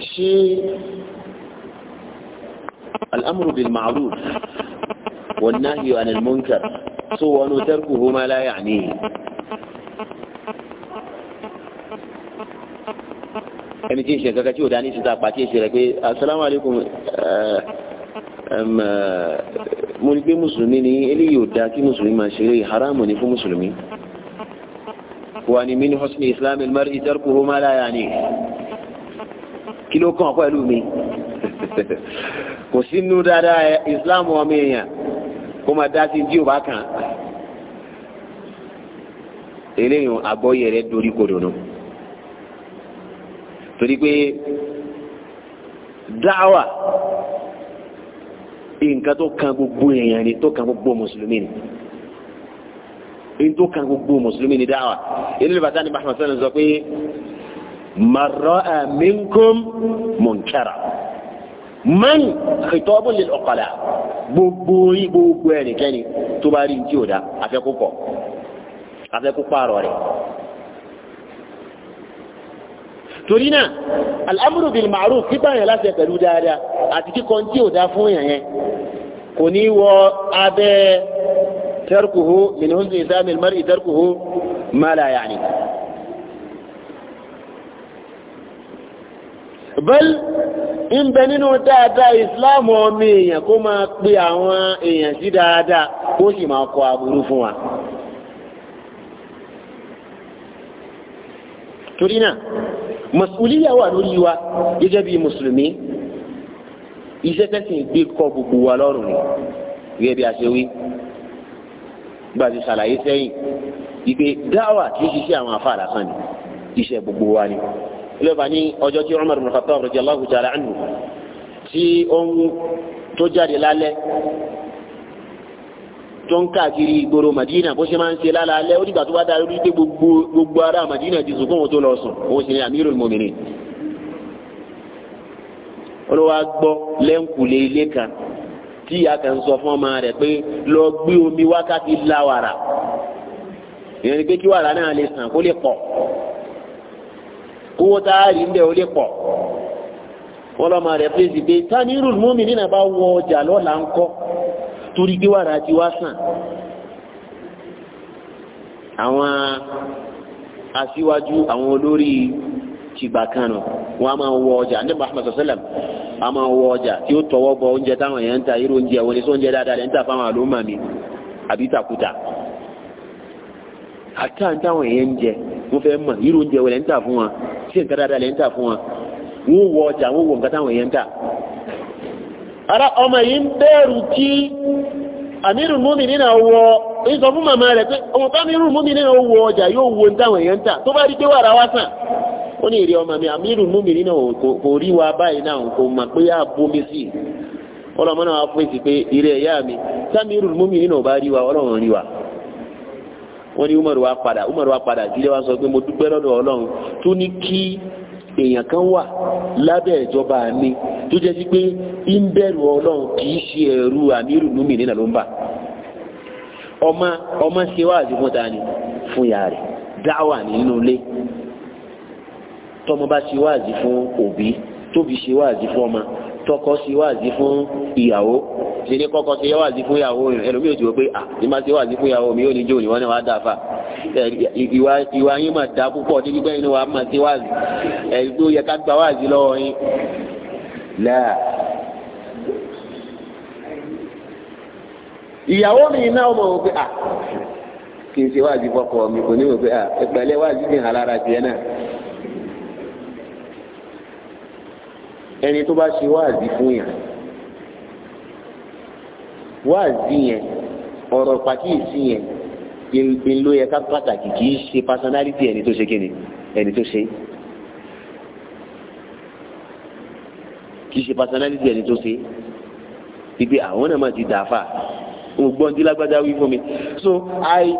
ṣé al-amru والنهي عن المنكر سوى تركه ما لا يعنيه ẹni tí ń ṣe kankan tí ò dá ní síta pàkíyèsí rẹ pé asalaamu alaykum eh, eh, mo ní pé mùsùlùmí ni eléyìí ò dá kí mùsùlùmí máa ṣeré haramu ni fún mùsùlùmí wa ni min husni islam al-mar'i tarkuhu ma la yani kí ló kàn pẹ̀lú mi *laughs* kò sínú dáadáa eh, islam ọmọ èèyàn kó máa dá sí tí ò bá kàn eléyìí àgbọ́yé rẹ̀ dorí kodò nù torí pé dáwà nǹkan tó kan gbogbo èèyàn ni tó kan gbogbo mùsùlùmí ni tó kan gbogbo mùsùlùmí ni dáwà eléyìí bàtà ni bàtà sọ̀rọ̀ sọ pé man ra'a minkum man khitabun lil uqala gbogbo yìí gbogbo ẹnikẹ́ni tó bá rí ní tí o da afẹ́kúkọ afẹ́kúkọ àrọ̀ rẹ̀ torí náà al'amuru bil ma'ruf kíkọ́ yẹn láti pẹ̀lú dáadáa àti kíkọ́ tí o da fún yẹn yẹn kò ní wọ abẹ́ tarkuhu min husni islamil mar'i tarkuhu ma la ya'ni. bẹ́ẹ̀ ń bẹ nínú dáadáa islam ọmọ èèyàn kó máa pe àwọn èèyàn sí dáadáa kó sì máa kọ aburú fún wa torí náà masuliya wà lórí wa gẹ́gẹ́ bí mùsùlùmí iṣẹ́ tẹ́sìn gbé kọ́ gbogbo wa lọ́rùn ni gẹ́gẹ́ bí a ṣe wí gbàdú ṣàlàyé sẹ́yìn ìgbé dáwà kì í ṣiṣẹ́ àwọn afáàlà kan ni iṣẹ́ gbogbo wa ni lọ́ba ní ọjọ́ tí Umar ibn Khattab radiyallahu ta'ala anhu tí ohun tó jáde lálẹ́ tó ń káàkiri ìgboro Madina bó ṣe máa ń ṣe lálẹ́ ó dìgbà tó bá dára wípé gbogbo ará Madina ti sùn kóhun tó lọ sùn òun sì ni Amirul Mu'minin olówó agbọ́ lẹ́ǹkùlé ilé kan tí ìyá kan sọ fún ọmọ rẹ̀ pé lọ gbé omi wákàtí láwàrà ìyẹn ni pé kí wàrà náà lè sàn kó lè pọ̀ owó tá a rí ńbẹ ó lè pọ̀ wọ́n rẹ̀ fèsì pé ta ní nínà bá wọ ọjà lọ́la ń kọ́ torí pé ti wá sàn àwọn aṣíwájú àwọn olórí tìgbà kan nù a máa wọ ọjà ní Muhammad sallam a máa wọ ọjà tí ó tọwọ́ bọ oúnjẹ táwọn èèyàn ń ta irú oúnjẹ sóúnjẹ dáadáa wọ́n fẹ́ mọ̀ irú oúnjẹ wẹ̀lẹ̀ ń tà fún wọn ṣé nǹkan dáadáa lẹ̀ ń tà fún wọn wọ́n wọ ọjà wọ́n wọ nǹkan táwọn èèyàn ń tà. ara ọmọ yìí ń bẹ̀rù kí àmírù múmi nínà wọ ìsọ fún màmá rẹ̀ pé ọmọ támírù múmi nínà wọ ọjà yóò wọ táwọn èèyàn ń tà tó bá rí pé wàrà wá sàn ó ní èrè ọmọ mi àmírù múmi nínà kò rí wa báyìí náà kò mọ̀ pé yá bomi sí ọlọmọ náà wá fún èsì pé ìrẹ̀ ìyá mi támírù múmi nínà ò rí wa ọlọ́run rí wa wọ́n ní Umar wa padà Umar wa padà sílé wa sọ pé mo dúpẹ́ lọ́dọ̀ Ọlọ́run tó ní kí èèyàn kan wà lábẹ́ ìjọba mi tó jẹ́ sí pé ń bẹ̀rù Ọlọ́run kì í ṣe ẹ̀rù àmírù lómi nínà ló ń bà ọmọ ọmọ ṣe wá àti ta ni fún ìyá rẹ̀ dáwà nínú ilé tọmọ bá ṣe wá àti òbí tóbi ṣe wá àti ọmọ tọkọ sí wáàzí fún ìyàwó ṣe ní kọ́kọ́ sí wáàzí fún ìyàwó rẹ̀ ẹlòmí ò ti wọ́n pé à ní máa ṣe wáàzí fún ìyàwó mi ò ní jó ní wọ́n ní wàá dáfà ìwà yín mà dá púpọ̀ níbi pé inú wa máa ṣe wáàzí ẹ̀rí tó yẹ ká gba wáàzí lọ́wọ́ yín. láà ìyàwó mi iná ọmọ wọn pé à kì í ṣe wáàzí fọkọ mi kò ní wọ́n pé à ẹgbẹ̀lẹ́ wáàzí ní àlára tiẹ̀ náà. ẹni tó bá ṣe wáàzí fún yàn wáàzí yẹn ọ̀rọ̀ pàkíyèsí yẹn ìpín ló yẹ ká pàtàkì kì í ṣe personality ẹni tó ṣe kí ni ẹni tó ṣe kì í ṣe personality ẹni tó ṣe ibi àwọn náà máa ti dà fà ògbọ́n tí lágbájá wí fún mi so àì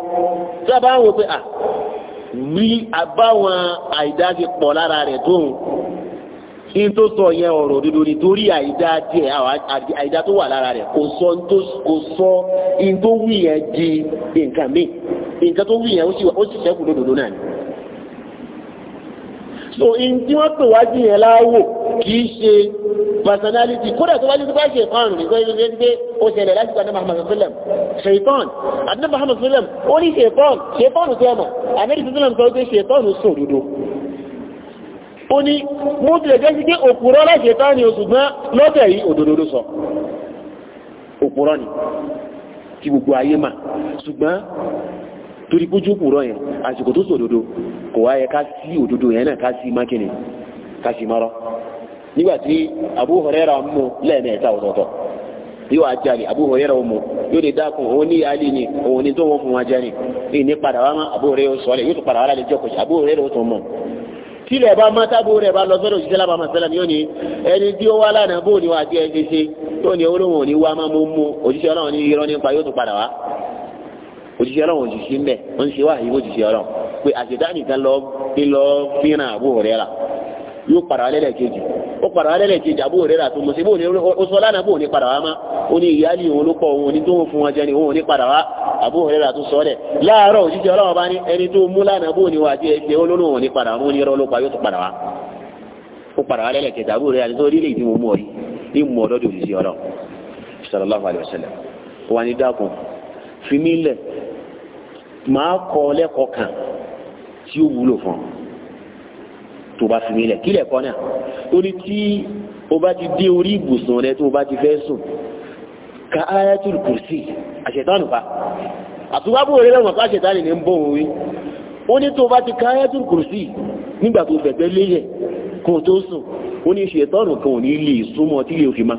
sábà wò pé à rí àbáwọn àìdáṣe pọ̀ lára rẹ̀ tóun in tó sọ yẹn ọ̀rọ̀ òdodo ni torí àìdá díẹ̀ àìdá tó wà lára rẹ̀ kò sọ kò sọ in tó wí yẹn di nǹkan mi nǹkan tó wí yẹn ó sì ṣẹ́kù lódodo náà ni. so in tí wọ́n pè wájú yẹn láwò kì í ṣe personality kódà tó wájú tó bá ṣe ìpanu nìkan ẹni tó gbé ó ṣẹlẹ̀ láti gba anamahama sallam ṣèpọ́n anamahama sallam ó ní ṣèpọ́n ṣèpọ́n tó yẹ mọ̀ ó ní mo tilẹ̀ jẹ́ sí pé òpùrọ́ láṣẹ tá ni o ṣùgbọ́n lọ́tẹ̀ yìí òdodo sọ òpùrọ́ ni tí gbogbo ayé ma ṣùgbọ́n torí kójú òpùrọ́ yẹn àsìkò tó sòdodo kò wáyẹ ká sí òdodo yẹn náà ká sí mákìnnì ká sí mọ́rọ́ nígbàtí Abu mú lẹ́ẹ̀mẹ́ta ni tílẹ̀ bá má tábò rẹ̀ bá lọ sọ́dọ̀ òṣìṣẹ́ lábàá máa sẹ́lẹ̀ yóò ní ẹni tí ó wá lánàá bò ní wàá tí ẹ ṣe ṣe yóò ní olóhùn òní wá má mú mú òṣìṣẹ́ ọlọ́run ní irọ́ nípa yóò tún padà wá òṣìṣẹ́ ọlọ́run òṣìṣẹ́ ń bẹ̀ ó ń ṣe wá ìwé òṣìṣẹ́ ọlọ́run pé àṣetánì kan lọ bí lọ fínà àbò rẹ̀ rà yóò padà wálé lẹ́ẹ̀kejì ó padà wálé lẹ́ẹ̀kejì àbò rẹ̀ rà tó mọ̀ sí bò ó sọ lánàá bò padà wá má ó ní ìyáálì òun ló pọ̀ òun ní tó ń fún wọn jẹ ni òun ò ní padà wá Abu Hurairah tó sọ dẹ̀ láàárọ̀ òjíṣẹ́ ọlọ́wọ́ bá ní ẹni tó mú lánàá bó ni wà tí ẹgbẹ́ olólùwọ̀n ní padà mú ní irọ́ ló pa yóò tún padà wá ó padà wá lẹ́lẹ̀kẹta Abu Hurairah tó lílé ìdí mo mú ọ yìí ní mú ọdọ́dọ̀ òjíṣẹ́ ọlọ́wọ́ sallallahu alaihi wasallam wà ní dákun fi mí máa kọ́ lẹ́kọ̀ọ́ kan tí ó wúlò fún ọ tó bá fi mí lẹ̀ kílẹ̀ náà ó ní tí o bá ti dé orí ibùsùn rẹ tó o bá ti fẹ́ sùn ka ayatul kursi àṣetánù pa àtúwábù rẹ̀ lọ́wọ́ pa àṣetánù ní ń bọ̀ onye ó ní tó bá ti ka ayatul kursi nígbà tó fẹ̀gbẹ́ léyẹ̀ kó tó sùn ó ní ṣetánù kan ò ní lè súnmọ́ tí lè fi ma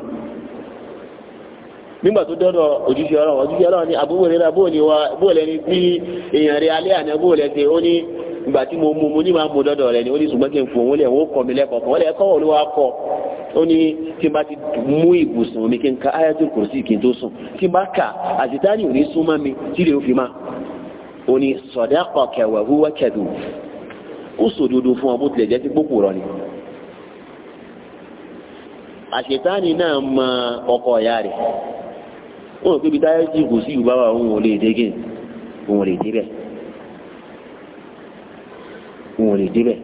nígbà tó dọ́dọ̀ òjíṣẹ́ ọlọ́run òjíṣẹ́ ọlọ́run ní àbúrò rẹ̀ ni tí èèyàn rẹ̀ alẹ́ àná ó ní ìgbà tí mo mú mo ní máa mú dọ́dọ̀ rẹ̀ ni ó ní kí n fò wọ́n lẹ̀ wọ́n kọ́ mi lẹ́kọ̀ọ́ wọ́n lẹ̀ kọ́ kọ́ ó ní tí n bá ti mú ìbùsùn mi kí n ka ayatul kursi kí n tó sùn tí n bá kà àṣetánì ò ní súnmọ́ mi tí lè fi má ó ní sadaqaka wa huwa kadhub ó sòdodo fún ọ bó tilẹ̀ jẹ́ sí gbogbo rọ ni. àṣetánì náà mọ ọkọ ìyá rẹ̀ ó rò pé táyà tí kò sí ìbá òun ò lè dé gé òun ò lè dé bẹ́ẹ̀ òun ò lè dé bẹ́ẹ̀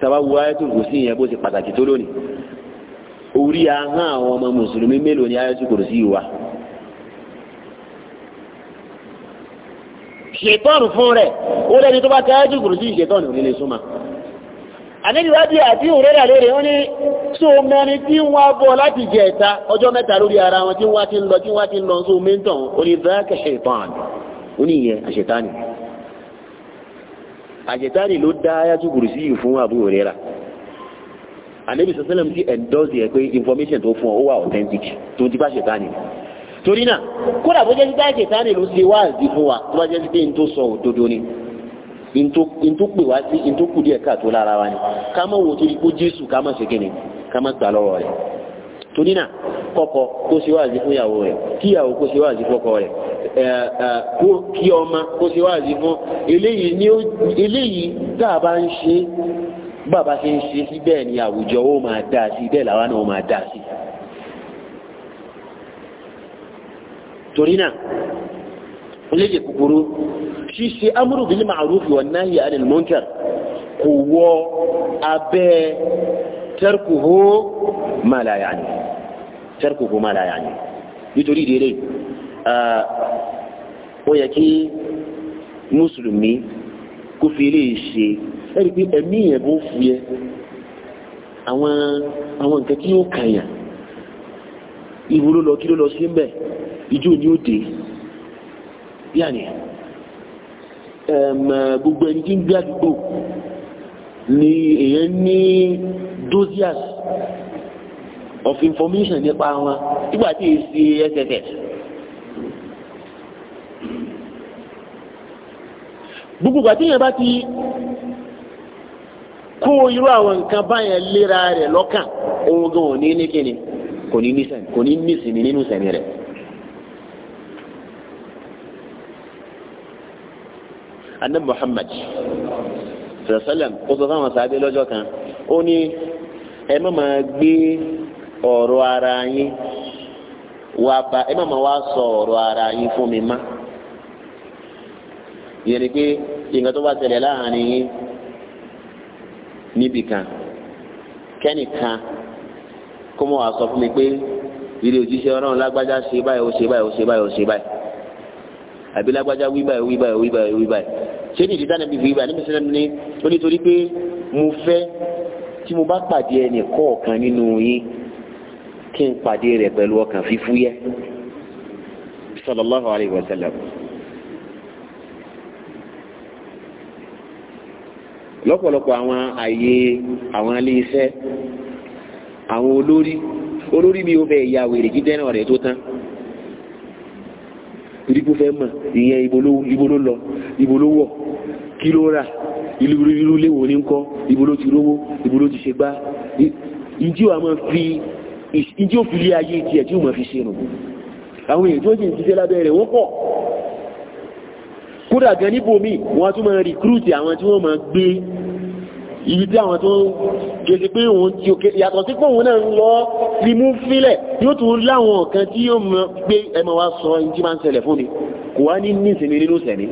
sábà wo ayatul kùrùsí yẹn bó ṣe pàtàkì tó lónìí orí ahọ́n àwọn ọmọ mùsùlùmí mélòó ni ayatul kùrùsí wà. ṣètọ́nù fún rẹ̀ ó lẹ́ni tó bá ka ayatul kùrùsí ṣètọ́nù nílé súnmọ́ àníbíwájú àti òrẹ́rà lórí ó ní tó mẹ́rin tí wọ́n bọ́ láti jẹ ẹ̀ta ọjọ́ mẹ́ta lórí ara wọn tí wọ́n ti ń lọ tí wọ́n ti ń lọ sóò mẹ́ntàn oníbẹ́ẹ̀kẹ̀ ṣẹ̀tàn oníyẹn àṣẹ̀tàn àjẹtánì ló dá ayájú kùrùsí yìí fún Abu Huraira ànábì sọ́sẹ́lẹ̀m ti endorse ẹ̀ pé information tó fún ọ wà authentic tó ti bá ṣẹ̀tánì torí náà kódà bó jẹ́ sí bá ló ṣe wá àdí fún wa tó bá jẹ́ sí pé n tó sọ òdodo ni n tó pè wá sí n tó kù díẹ̀ káàtó lára wa ni ká má wo torí pé Jésù ká má ṣe kíni ká má gbà lọ́wọ́ rẹ̀ torí náà kọ́kọ́ kó ṣe wáàzí fún ìyàwó rẹ̀ kíyàwó kó ṣe wáàzí fún ọkọ rẹ̀ kí ọmọ kó ṣe wáàzí fún eléyìí tá a bá ń ṣe bàbá ṣe ń ṣe sí bẹ́ẹ̀ ni àwùjọ ó máa dá sí bẹ́ẹ̀ làwa náà ó máa dá sí. torí léde kúkúrú ṣíṣe amúrú bil ma'ruf wan nahyi 'anil munkar kò wọ abẹ́ tarkuhu ma la ya'ni tarkuhu ma la ya'ni nítorí ìdílé ó yẹ kí mùsùlùmí kó fi ilé ṣe ẹ̀rí pé ẹ̀mí yẹn bó fu yẹ àwọn àwọn nǹkan tí yóò kàyà ìwú ló lọ kí ló lọ sí mbẹ ìjó ni ó dé yàní gbogbo ẹni tí ń gbé àdúgbò ni èèyàn ní dosias of information nípa wọn nígbà tí èsì ẹsẹsẹ. gbogbo ìgbà tí èèyàn bá ti kó irú àwọn nǹkan báyẹn léra rẹ̀ lọ́kàn òun gan ò ní ní kíni kò ní nísìnyí kò ní nísìnyí nínú sẹ̀mí rẹ̀. anabi muhammad sallam ó sọ fáwọn sábẹ́ lọ́jọ́ kan ó ní ẹ má máa gbé. ọ̀rọ̀ ara anyị waba bá ẹ má sọ ọ̀rọ̀ ara anyị fún mi ma. yẹni pé nǹkan tó bá ṣẹlẹ̀ láàrin yín níbìkan kẹ́nìkan kó mọ̀ wá sọ fún mi pé ìrè lágbájá ṣe báyìí ó ṣe báyìí ó ṣe báyìí ó ṣe báyìí àbí lágbájá wí báyìí wí báyìí wí báyìí wí báyìí ṣé ní ìdí wí báyìí ní nítorí pé mo tí mo bá pàdé kí n pàdé rẹ̀ pẹ̀lú ọkàn fífúyẹ́ sallallahu alayhi wa sallam. lọ́pọ̀lọpọ̀ àwọn àyè àwọn iléeṣẹ́ àwọn olórí olórí mi ò bẹ̀ ìyá wèrè jíjẹ́ náà rẹ̀ tó tán ìdíkú fẹ́ mọ̀ ìyẹn ibo ló lọ ibo ló wọ̀ kí ló rà ìlú léwo ní ń kọ́ ibo ló ti rówó ibo ló ti ṣe gbá ìdí máa fi ìdí òfìlé ayé tiẹ̀ tí ó mọ̀ fi ṣe nù àwọn èèyàn tó jìn jíjẹ́ lábẹ́ rẹ̀ wọ́n pọ̀ kódà gan níbo mi wọ́n tún máa rìkúrútì àwọn tí wọ́n máa gbé ibi tí àwọn tó ń gẹ̀ẹ́sì pé òun tí ó yàtọ̀ sí pòun náà ń lọ ní mú fílẹ̀ yóò tún láwọn kan tí yóò mọ̀ pé ẹmọ wa sọ ẹni tí máa ń ṣẹlẹ̀ fún mi kò wá ní nísìnyí nínú sẹ̀mí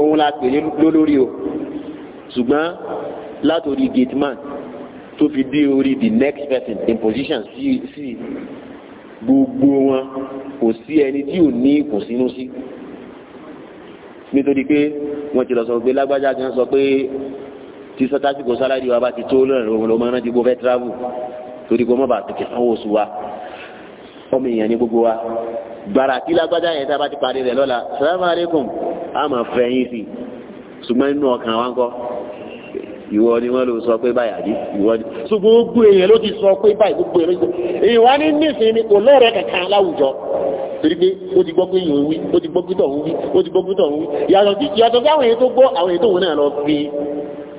òun la pè lólórí o ṣùgbọ́n látòrí gateman tó fi dé orí the next person in position sí sí gbogbo wọn kò sí ẹni tí ò ní kò sínú sí nítorí pé wọn ti lọ sọ pé lágbájá kan sọ pé tí sọtásìkò sálárì wa bá ti tó lọ́nà lọ́wọ́ lọ́mọ náà ti gbọ́ fẹ́ travel torí kò mọ̀ bá tètè sanwó oṣù wa ọmọ èèyàn ní gbogbo wa gbàrà kí lágbájá yẹn tá a bá ti parí rẹ̀ lọ́la salamu aleykum a máa fẹ́ yín sí ṣùgbọ́n inú ọkàn wa ń kọ́ ìwọ ni wọ́n lò sọ pé báyìí àbí ìwọ ni. ṣùgbọ́n gbogbo èèyàn ló ti sọ pé báyìí gbogbo èèyàn ló ti sọ èèyàn ni kò lọ́ọ̀rẹ́ kankan láwùjọ torí pé ó ti gbọ́ pé èèyàn wí ó ti gbọ́ pé tọ̀hún wí ó ti gbọ́ pé tọ̀hún wí yàtọ̀ sí yàtọ̀ sí àwọn èèyàn tó gbọ́ àwọn èèyàn tó wọn náà lọ fi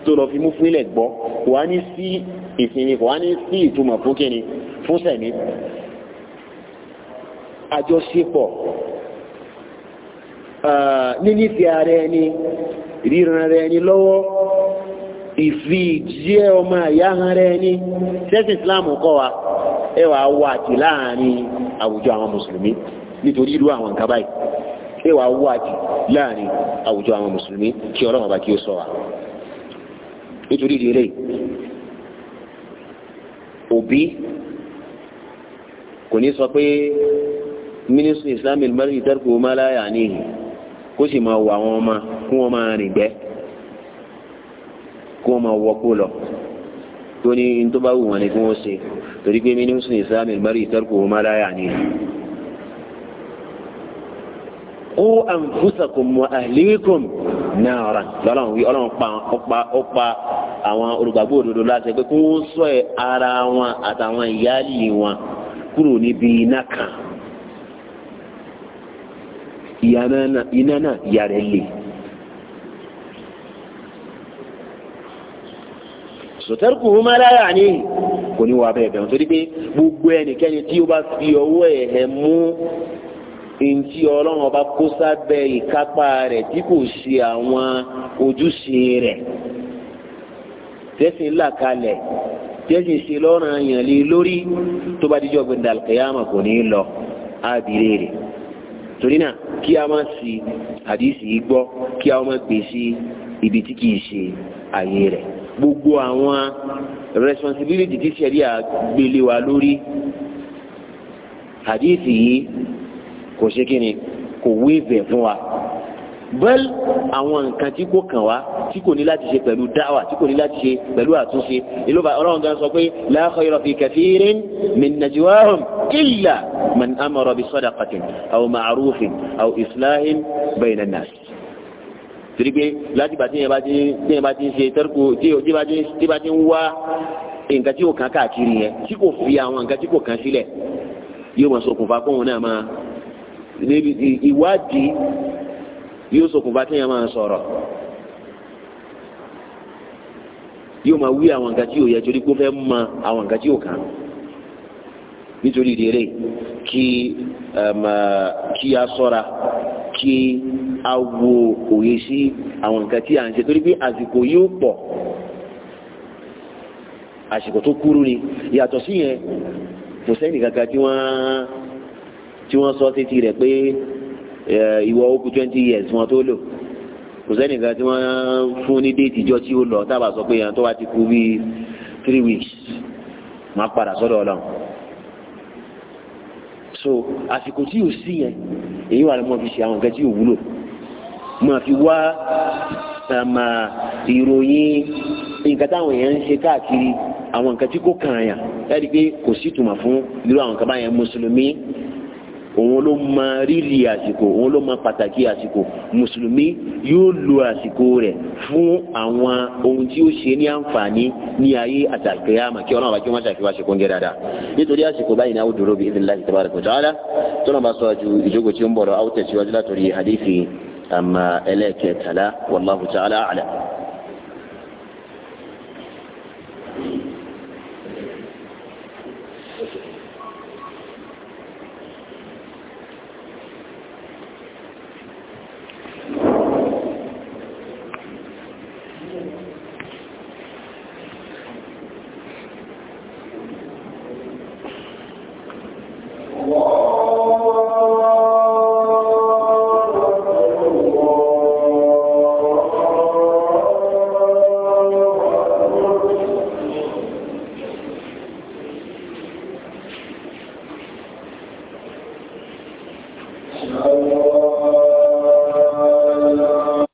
tó lọ fi mú fúnlẹ̀ gbọ́ kò wá ní sí ìsinmi kò wá ní sí ìtumọ̀ fún kíni fún sẹ̀mí àjọṣepọ̀ nínífẹ̀ẹ́ ara ẹni ríran ara ẹni lọ́wọ́ ìfi jẹ́ ọmọ àyá hàn rẹ ní sẹ́sì islam kọ́ wa ẹ wà wà tì láàrin àwùjọ àwọn mùsùlùmí nítorí irú àwọn nǹkan báyìí ẹ wà wà tì láàrin àwùjọ àwọn mùsùlùmí kí ọlọ́run bá kí ó ṣọ́ wa nítorí ìdílé òbí kò ní sọ pé mínísítì islam ilmari tẹ́kù mọ́láyà níhìn kó sì máa wà wọn ọmọ kún wọn rìn gbẹ́ kí wọ́n máa wọ́pọ̀ lọ tó ní n tó bá wù wọn ni kí wọ́n ṣe torí pé mímú sùn ìsáàmì mari ìtọ́rùkù wọn máa láyà ni. ó anfusakum wa ahlikum náírà lọ́lọ́run wí ọlọ́run pa ọpa ọpa àwọn olùgbàgbọ́ òdodo láti pé kí wọ́n ṣọ́ ẹ̀ ara wọn àtàwọn ìyáálì wọn kúrò níbi iná kan ìyá náà ìyá rẹ̀ lè. sọtẹ́rùkù hùmá láyà ní kò ní wà bẹ́ẹ̀ bẹ́ẹ̀ torí pé gbogbo ẹnikẹ́ni tí ó bá fi ọwọ́ ẹ̀hẹ̀ mú ntí ọlọ́run ọba kó sábẹ́ ìkápá rẹ̀ tí kò ṣe àwọn ojúṣe rẹ̀ tẹ́sìn là kalẹ̀ tẹ́sìn ṣe lọ́rùn àyàn lé lórí tó bá dijọ́ gbẹ̀dẹ̀ àlùkẹ́yàmà kò ní lọ ábìrè rẹ̀ torí náà kí a máa sì àdìsí gbọ́ kí a máa gbèsè ibi tí kìí ṣe àyè rẹ̀ gbogbo àwọn responsibility tí sẹ́ríà gbélé wa lórí hadithi yìí kò ṣe kí ni kò wéèvẹ̀ fún wa bẹ́ẹ̀ àwọn nǹkan tí kò kàn wá tí kò ní láti ṣe pẹ̀lú dáwà tí kò ní láti ṣe pẹ̀lú àtúnṣe ìlú bá ọlọ́run gan sọ pé la khayra fi kathirin min najwahum illa man amara bi sadaqatin aw ma'rufin aw islahin bayna an torí pé látìgbà tí yẹn bá ti tí yẹn bá ti ń ṣe tẹ́rùkù tí yẹn bá ti tí bá ti ń wá nǹkan tí yóò kàn káàkiri yẹn tí kò fi àwọn nǹkan tí kò kàn sílẹ̀ yóò máa ṣokùnfà kóhun náà máa ìwádìí yóò ṣokùnfà tí yẹn máa sọ̀rọ̀ yóò máa wí àwọn nǹkan tí yóò yẹ torí pé ó fẹ́ mọ àwọn nǹkan tí yóò nítorí ìdílé kí um, uh, kí a sọ́ra kí a wo òye sí àwọn nǹkan tí a ń ṣe torí pé àsìkò yóò pọ̀ àsìkò tó kúrú ni yàtọ̀ sí yẹn kò sẹ́ni kankan tí wọ́n tí wọ́n sọ títí rẹ̀ pé eh, ìwọ okùn twenty years wọn tó lò kò sẹ́ni kankan tí wọ́n fún ní déètì ìjọ tí ó lọ tábà sọ pé yẹn tó bá ti kú bíi three weeks máa padà sọ́dọ̀ ọlọ́run so àsìkò tí yóò sí yẹn èyí wà lọ́mọ fi ṣe àwọn nǹkan tí yóò wúlò máa fi wá sàmà um, ìròyìn nǹkan táwọn èèyàn ń ṣe káàkiri àwọn nǹkan tí kò kàn yàn láti pé kò sí ìtumọ̀ fún irú àwọn nǹkan báyẹn mùsùlùmí òun ló mọ rírì àsìkò òun ló mọ pàtàkì àsìkò mùsùlùmí yóò lo àsìkò rẹ̀ fún àwọn ohun tí ó ṣe ní àǹfààní ní ayé àtàkìyàmà kí ọlọ́run bá kí wọ́n ṣàkíwá ṣe kóńgẹ́ dáadáa nítorí àsìkò báyìí ni a ó bí ibi láti tabaraka wa ta'ala tó náà bá sọ ju ìjókòó tí ó ń bọ̀ lọ a tẹ̀síwájú látòrí hadithi àmà ẹlẹ́kẹ̀ẹ́tàlá wallahu ta'ala a'lam.